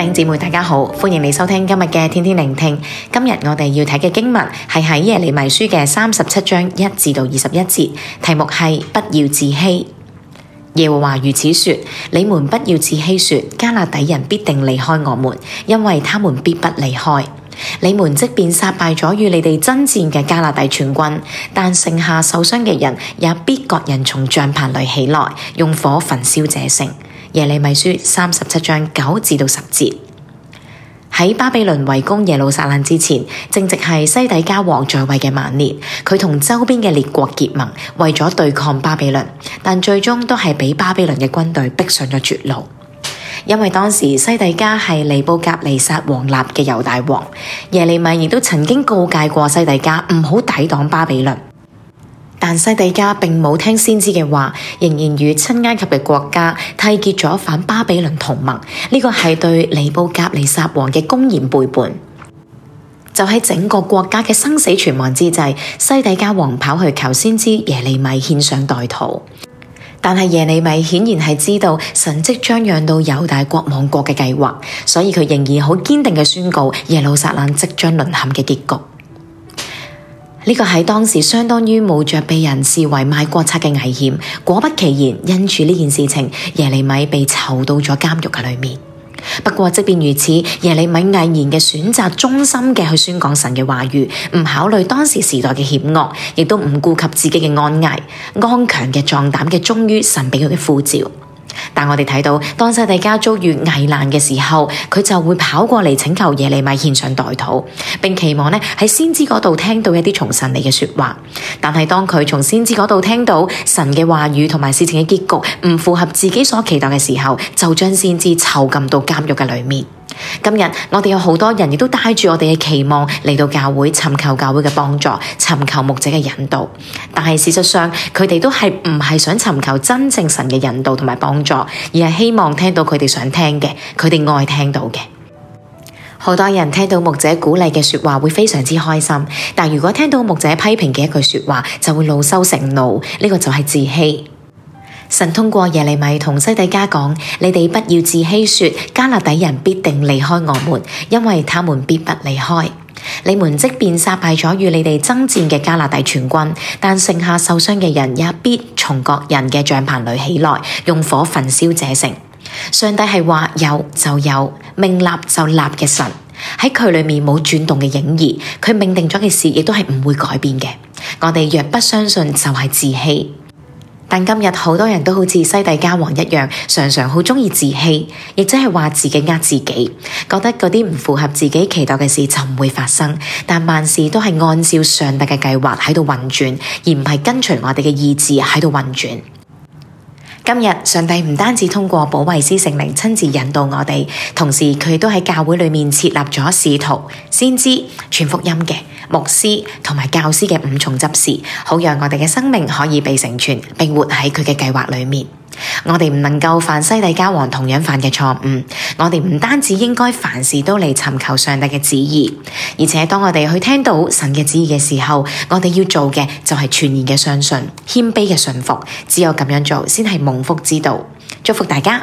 弟兄姊妹，大家好，歡迎你收聽今日嘅天天聆聽。今日我哋要睇嘅經文係喺耶利米書嘅三十七章一至到二十一節，題目係不要自欺。耶和華如此說：你們不要自欺說，說迦勒底人必定離開我們，因為他們必不離開。你們即便殺敗咗與你哋爭戰嘅迦勒底全軍，但剩下受傷嘅人也必各人從帳棚裏起來，用火焚燒這城。耶利米書三十七章九至十節。喺巴比倫圍攻耶路撒冷之前，正值係西底家王在位嘅晚年，佢同周邊嘅列國結盟，為咗對抗巴比倫，但最終都係俾巴比倫嘅軍隊逼上咗絕路。因為當時西底家係尼布甲尼撒王立嘅猶大王，耶利米亦都曾經告誡過西底家唔好抵擋巴比倫。但西底家並冇聽先知嘅話，仍然與親埃及嘅國家締結咗反巴比倫同盟。呢、這個係對尼布甲尼撒王嘅公然背叛。就喺整個國家嘅生死存亡之際，西底家王跑去求先知耶利米獻上代禱。但係耶利米顯然係知道神即將讓到猶大國亡國嘅計劃，所以佢仍然好堅定嘅宣告耶路撒冷即將淪陷嘅結局。呢個喺當時相當於冒着被人視為賣國賊嘅危險，果不其然，因着呢件事情，耶利米被囚到咗監獄嘅裏面。不過即便如此，耶利米毅然嘅選擇忠心嘅去宣講神嘅話語，唔考慮當時時代嘅險惡，亦都唔顧及自己嘅安危，剛強嘅壯膽嘅忠於神俾佢嘅呼召。但我哋睇到當西底家遭遇危難嘅時候，佢就會跑過嚟請求耶利米獻上代禱，並期望咧喺先知嗰度聽到一啲從神嚟嘅說話。但係當佢從先知嗰度聽到神嘅話語同埋事情嘅結局唔符合自己所期待嘅時候，就將先知囚禁到監獄嘅裏面。今日我哋有好多人，亦都帶住我哋嘅期望嚟到教會，尋求教會嘅幫助，尋求牧者嘅引導。但係事實上，佢哋都係唔係想尋求真正神嘅引導同埋幫助，而係希望聽到佢哋想聽嘅，佢哋愛聽到嘅。好多人聽到牧者鼓勵嘅說話會非常之開心，但如果聽到牧者批評嘅一句說話，就會惱羞成怒。呢、這個就係自欺。神通過耶利米同西底家講：，你哋不要自欺說，說迦勒底人必定離開我們，因為他們必不離開。你們即便殺敗咗與你哋爭戰嘅迦勒底全軍，但剩下受傷嘅人也必從各人嘅帳棚裏起來，用火焚燒這城。上帝係話有就有，命立就立嘅神，喺佢裏面冇轉動嘅影兒，佢命定咗嘅事亦都係唔會改變嘅。我哋若不相信，就係自欺。但今日好多人都好似西底家王一樣，常常好中意自欺，亦即係話自己呃自己，覺得嗰啲唔符合自己期待嘅事就唔會發生。但萬事都係按照上帝嘅計劃喺度運轉，而唔係跟隨我哋嘅意志喺度運轉。今日上帝唔單止通過保惠師聖靈親自引導我哋，同時佢都喺教會裏面設立咗使徒、先知、傳福音嘅牧師同埋教師嘅五重執事，好讓我哋嘅生命可以被成全，並活喺佢嘅計劃裏面。我哋唔能夠犯西底家王同樣犯嘅錯誤。我哋唔單止應該凡事都嚟尋求上帝嘅旨意，而且當我哋去聽到神嘅旨意嘅時候，我哋要做嘅就係全然嘅相信、謙卑嘅信服。只有咁樣做，先係蒙福之道。祝福大家。